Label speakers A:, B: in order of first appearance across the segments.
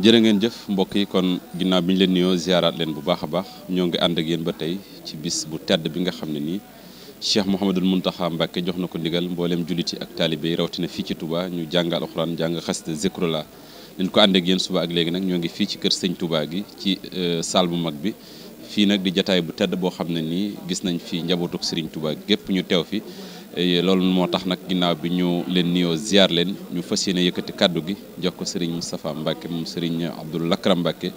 A: jëre ngeen jëf mbokk yi kon ginnaaw bi ñu leen nuyoo ziaraat leen bu baax a baax ñoo ngi ànd ak yéen ba tey ci bis bu tedd bi nga xam ne nii Cheikh Mouhamadul Mountakha Mbacke jox na ko ndigal mbooleem jullit yi ak taalibe yi rawatina fii ci Touba ñu jàng alxuraan jàng xasida zikrullah leen ko ànd ak yéen suba ak léegi nag ñoo ngi fii ci kër sëñ tubaa gi ci euh, salle bu mag bi fii nag di jataay bu tedd boo xam ne nii gis nañ fii njabootuk Serigne Touba gépp ñu teew fi loolu moo tax nag ginnaaw bi ñu leen nuyoo ziar leen ñu fas yéene yëkkati kàddu gi jox ko sëriñ Moustapha Mbacke moom sëriñ Abdoul Lakram Mbacke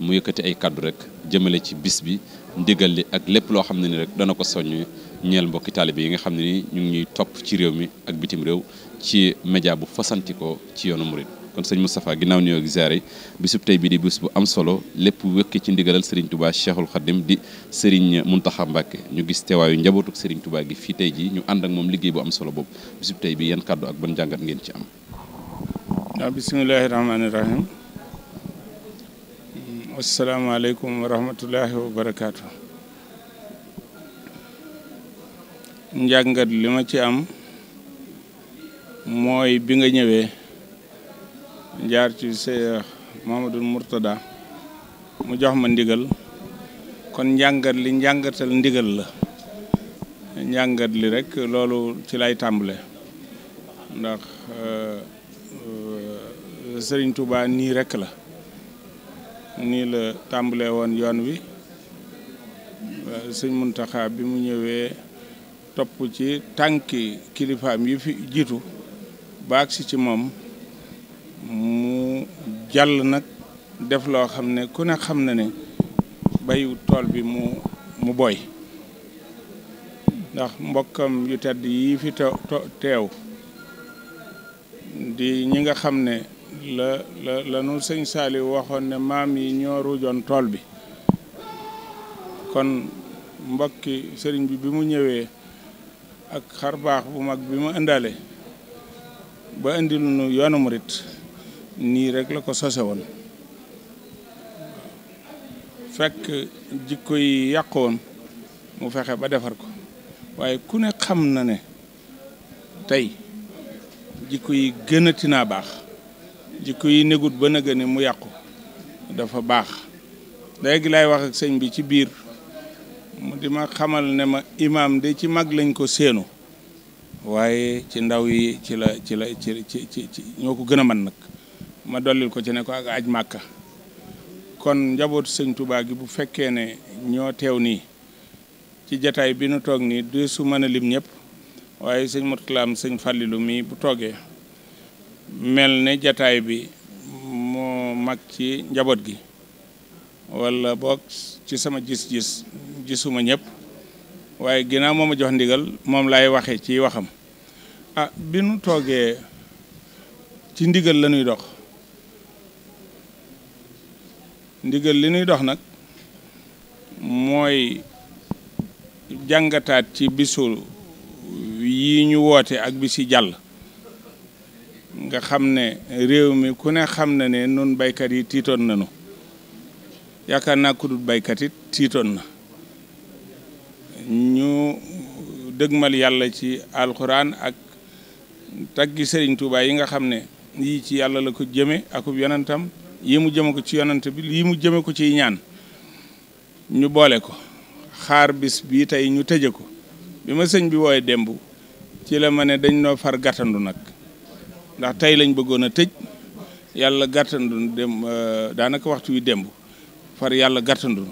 A: mu yëkkati ay kàddu rek jëmale ci bis bi ndigal li ak lépp loo xam ne ni rek dana ko soññ ñeel mbokki taalibe yi nga xam ne ni ñu ngi ñuy topp ci réew mi ak bitim réew ci média bu fasantikoo ci yoonu murit kon sëñ Moustapha ginnaaw nuyoo ak bisub tey bii di bis bu am solo lépp wékki ci ndigalal Serigne tubaa Cheikhul Khadim di Serigne Mountakha Mbacké ñu gis teewaayu njabootuk Serigne Touba gi fii tey jii ñu àndak ak moom liggéey bu am solo boobu bisub tey bi yan kàddu ak ban jàngat ngeen ci am.
B: waaw bisimilahi rahmaani ci am mooy bi nga ñëwee. njaar ci Seex Mamadou Mourtada mu jox ma ndigal kon njàngat li njàngatal ndigal la njàngat li rek loolu ci lay tàmbale ndax euh, Sëriñ Tuubaa nii rekk la nii la tàmbale woon yoon wi Sëñ Muntaxa bi mu ñëwee topp ci tànki kilifaam yi fi jiitu baag si ci moom jàll nag def loo xam ne ku ne xam na ne bayu tool bi mu mu boy ndax mbokkam yu tedd yii fi teew di ñi nga xam ne la la la nu sëñ Saliou waxoon ne maam yi ñoo ruujoon tool bi kon mbokki sëriñ bi bi mu ñëwee ak xar baax bu mag bi mu indaale ba indil nu yoonu murit nii rek la ko sose woon fekk jikko yi yàqu mu fexe ba defar ko waaye ku ne xam na ne tey jikko yi gënati naa baax jikko yi negut ba na gëne mu yàqu dafa baax léegi lay wax ak sëñ bi ci biir mu di ma xamal ne ma imaam de ci mag lañ ko séenu waaye ci ndaw yi ci la ci la ci ci ci ñoo ko gën a man nag ma dollil ko ci ne ko ak aj màkka kon njabootu sëñ Touba gi bu fekkee ne ñoo teew nii ci jataay bi nu toog nii du su mën a lim ñëpp waaye sëñ Mourtalaam sëñ Fàllilu mii bu toogee mel ne jataay bi moo mag ci njaboot gi wala boog ci sama gis-gis gisuma ñëpp waaye ginnaaw moo ma jox ndigal moom laay waxee ci waxam ah bi nu toogee ci ndigal la ñuy dox ndigal li nuy dox nag mooy jàngataat ci bisu yi ñu woote ak bi si jàll nga xam ne réew mi ku ne xam na ne nun baykat yi tiitoon nañu yaakaar naa ku baykat it tiitoon na ñu dëgmal yàlla ci alxuraan ak taggi sëriñ Tuubaa yi nga xam ne yii ci yàlla la ko jëme akub yonentam yii mu jëme ko ci yonante bi lii mu jëme ko ci ñaan ñu boole ko xaar bis bii tey ñu tëje ko bi ma sëñ bi wooye démb ci la ma ne dañ noo far gàttandu nag ndax tey lañ bëggoon a tëj yàlla gàttandu dem euh, daanaka waxtu wi démb far yàlla gàttandu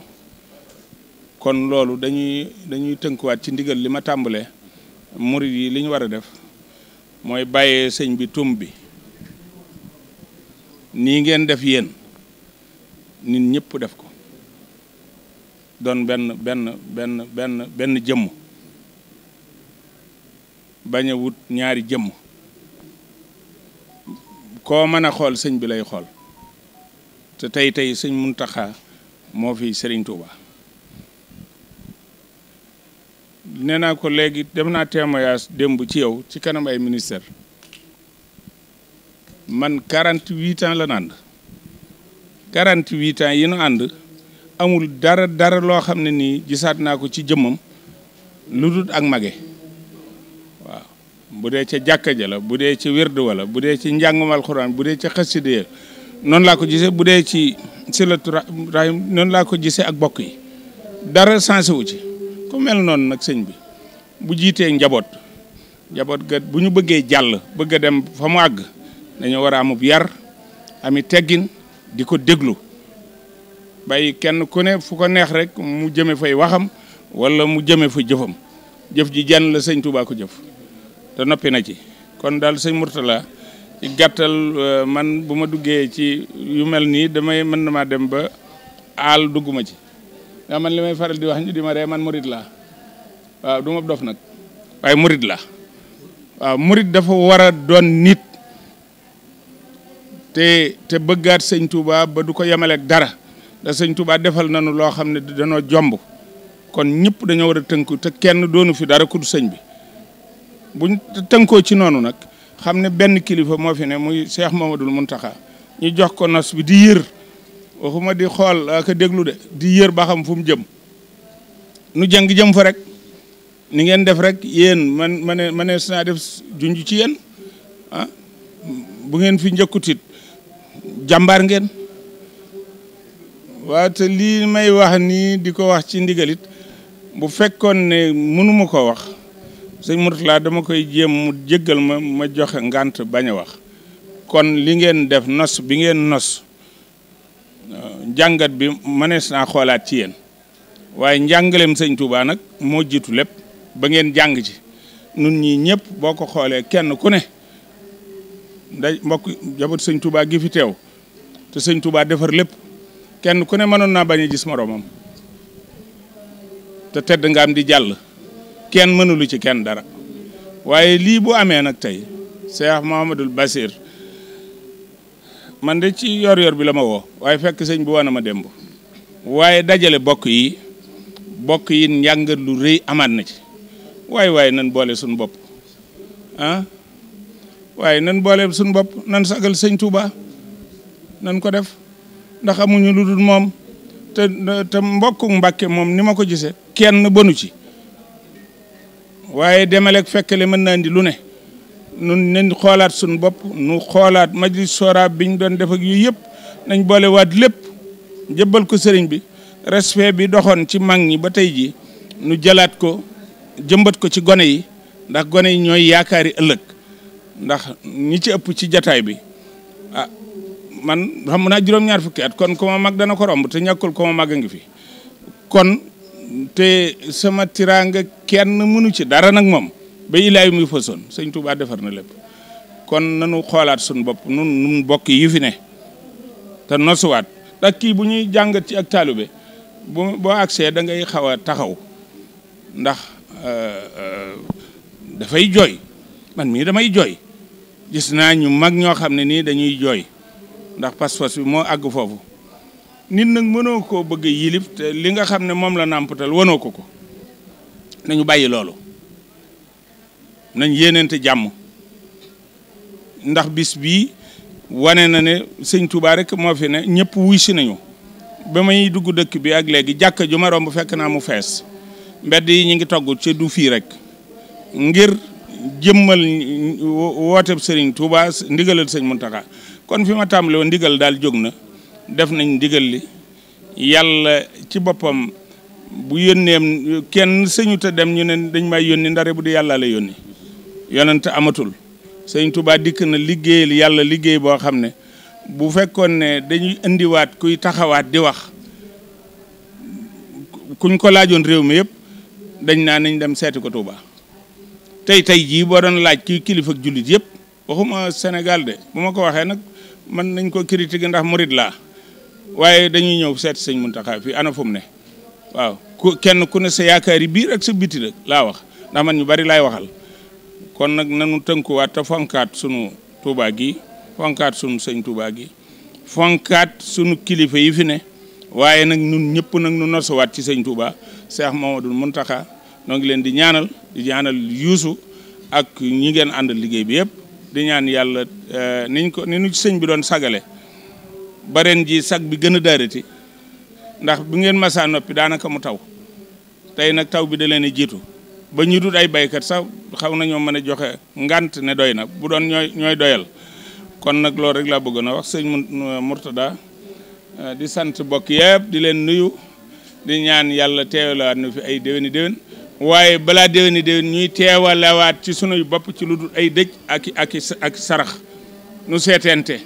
B: kon loolu dañuy dañuy tënkuwaat ci ndigal li ma tàmbalee murit yi liñ ñu war a def mooy bàyyee sëñ bi tum bi nii ngeen def yéen nit ñëpp def ko doon benn benn benn benn benn jëmm bañ wut ñaari jëmm koo mën a xool sëñ bi lay xool te tey tey sëñ Muntaxa moo fi Sëriñ Tuuba nee naa ko léegi dem naa témoignage démb ci yow ci kanam ay ministère man 48 ans la ànd 48 ans yi nu ànd amul dara dara loo xam ne nii gisaat naa ko ci jëmmam lu dul ak mage waaw bu dee ca jàkka ja la bu dee ci wérd wala bu dee ci njàngum alxuraan bu dee ca xaside ya noonu laa ko gisee bu dee ci silatu rahim noonu laa ko gisee ak bokk yi dara sensé wu ci ku mel noonu nag sëñ bi bu jiitee njaboot njaboot ga bu ñu bëggee jàll bëgg a dem fa mu àgg dañoo war a amub yar ami teggin di ko déglu bay kenn ku ne fu ko neex rek mu jëme fay waxam walla mu jëme fa jëfam jëf ji jenn la sëñ Tuubaa jëf te noppi na ci kon daal sëñ Mourtala ci gàttal euh, man bu ma duggee ci yu mel nii damay mën na maa dem ba aal dugguma ci ndax man li may faral di wax ñu di ma ree man murit laa waaw du ma dof nag waaye murit la waaw murit dafa war doon nit te te bëggaat sëñ Touba ba du ko yemaleeg dara da sëñ Touba defal nañu loo xam ne dañoo jomb kon ñëpp dañoo war a tënku te kenn doonu fi dara ku sëñ bi buñ tënkoo ci noonu nag xam ne benn kilifa moo fi ne muy Cheikh Mamadou Mountakha ñu jox ko nos bi di yër waxuma di xool ak déglu de di yër ba xam fu mu jëm nu jang jëm fa rek ni ngeen def rek yéen man ma ne ma ne naa def junj ci yéen bu ngeen fi njëkkutit jàmbaar ngeen waaw lii may wax nii di ko wax ci ndigalit bu fekkoon ne mënuma ko wax sëñ Mourtala dama koy jéem mu jéggal ma ma joxe ngànt bañ a wax kon li ngeen def nos bi ngeen nos njàngat bi mënees naa xoolaat ci yéen waaye njàngaleem sëñ Touba nag moo jiitu lépp ba ngeen jàng ci nun ñi ñëpp boo ko xoolee kenn ku ne mbokk jabot sëñ Touba gi fi teew te sëñ Touba defar lépp kenn ku ne mënoon naa bañ a gis moroomam te tedd nga am di jàll kenn mënulu ci kenn dara waaye lii bu amee nag tey Cheikh Mouhamadoul Basir man de ci yor-yor bi la ma woo waaye fekk sëñ bi woon na ma demb waaye dajale bokk yi bokk yi njàngat lu rëy amaat na ci waaye waaye nan boole suñu bopp ah? waaye nan boole suñu bopp nan sagal sëñ Touba nan ko def ndax amuñu lu dul moom te te mbokku Mbàkke moom ni ma ko jisee kenn bonu ci waaye demaleeg fekkale mën naa indi lu ne nun nañ xoolaat suñu bopp nu xoolaat majlis sora biñ doon def ak yooyu yëpp nañ boole waat lépp jëbbal ko sëriñ bi respe bi doxoon ci mag ñi ba tey ji nu jalaat ko jëmbat ko ci gone yi ndax gone yi ñooy yaakaari ëllëg ndax ñi ci ëpp ci jataay bi ah man xam naa juróom-ñaar fukki at kon ku mag dana ko romb te ñàkkul ku ma mag a ngi fi kon te sama tiraanga kenn mënu ci dara nag moom ba ilaay muy fasoon sëñ Touba defar na lépp kon nanu xoolaat suñu bopp nun nun bokk yi fi ne te nosuwaat kii bu ñuy jàngat ci ak taalu bu boo agsee dangay ngay taxaw ndax euh, euh, dafay jooy man mii damay jooy gis naa ñu mag ñoo xam ne nii dañuy jooy ndax pas-pas bi moo àgg foofu nin nag mënoo koo bëgg yilif te li nga xam ne moom la nàmpatal wanoo ko ko nañu bàyyi loolu nañ yéeneente jàmm ndax bis bi wane na ne sëñ Touba rek moo fi ne ñëpp wuy si nañu ba may dugg dëkk bi ak léegi jàkk ju ma romb fekk naa mu fees mbedd yi ñu ngi togg ci du fii rek ngir jëmmal wooteb sëriñ Touba ndigalal sëñ Mountakha kon fi ma tàmbale woon ndigal daal jóg na def nañ ndigal li yàlla ci boppam bu yónneem kenn sëñuta dem ñu ne dañ may yónni ndare bu di yàlla la yónni yonent amatul sëñ Touba dikk na liggéeyal yàlla liggéey boo xam ne bu fekkoon ne dañuy indiwaat kuy taxawaat di wax kuñ ko laajoon réew mi yëpp dañ naa nañ dem seeti ko Touba tey tey jii boo doon laaj ki kilifa jullit yëpp waxuma senegal de bu ma ko waxee nag man nañ ko critiquer ndax murid laa waaye dañuy ñëw seet sëñ Muntaxa fii ana fu ne waaw kenn ku ne sa yaakaar yi biir ak sa biti rek laa wax ndax man ñu bari laay waxal kon nag nanu tënkuwaat te fonkaat sunu Tuubaa gi fonkaat sunu sëñ Tuubaa gi fonkaat sunu kilifa yi fi ne waaye nag ñun ñëpp nag nu nosuwaat ci sëñ Tuubaa Seex Mamadu Muntaxa noo leen di ñaanal di ñaanal ak ñi ngeen àndal liggéey bi yëpp di ñaan yàlla eh, niñ ko ni ñu sëñ bi doon sagale bareen ji sag bi gën a ndax bu ngeen masaa noppi daanaka mu taw tey nag taw bi da leen a jiitu ba ñu day ay baykat sax xaw nañoo mën a joxe ngant ne doy na bu doon ñooy ñooy doyal kon nag loolu rek laa bëggoon a wax sëñ Mourtada eh, di sant bokk yëpp di leen nuyu di ñaan yàlla teewalaat nu fi ay déwéni déwén waaye balaa déwéni déwén ñuy teewalawaat ci sunuy bopp ci lu dul ay dëj ak ak ak sarax nu seeteente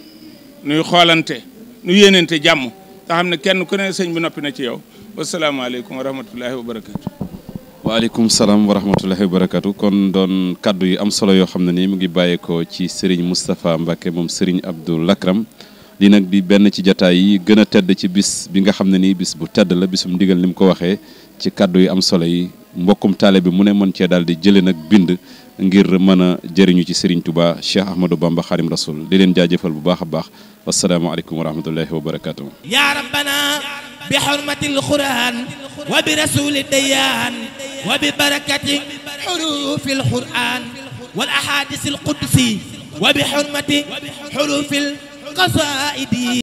B: nuy xoolante nu yéenente jàmm nga xam ne kenn ku ne sëñ bi noppi na ci yow wasalaamaaleykum wa rahmatullahi
A: wa salaam wa rahmatullahi wa barakatu kon doon kàddu yu am solo yoo xam ne nii mu ngi bàyyeekoo ci Serigne Moustapha mbake moom Serigne Abdou Lakram lii nag bi benn ci jataay yi gën a tedd ci bis bi nga xam ne nii bis bu tedd la bisum ndigal ni mu ko waxee ci kàddu yi am solo yi mbokkum taale bi mu ne mën cee daal di jëlee nag bind ngir mën a jëriñu ci Serigne Touba Cheikh Ahmadou Bamba Xadim Rasul di leen jaajëfal bu baax a baax wasalaamaaleykum wa rahmatullahi wa barakaatu. yaa bi xurmatil
B: quraan wa bi rasuli bi barakati xurufil quraan wal ahadisil qudsi wa bi xurmati xurufil qasaidi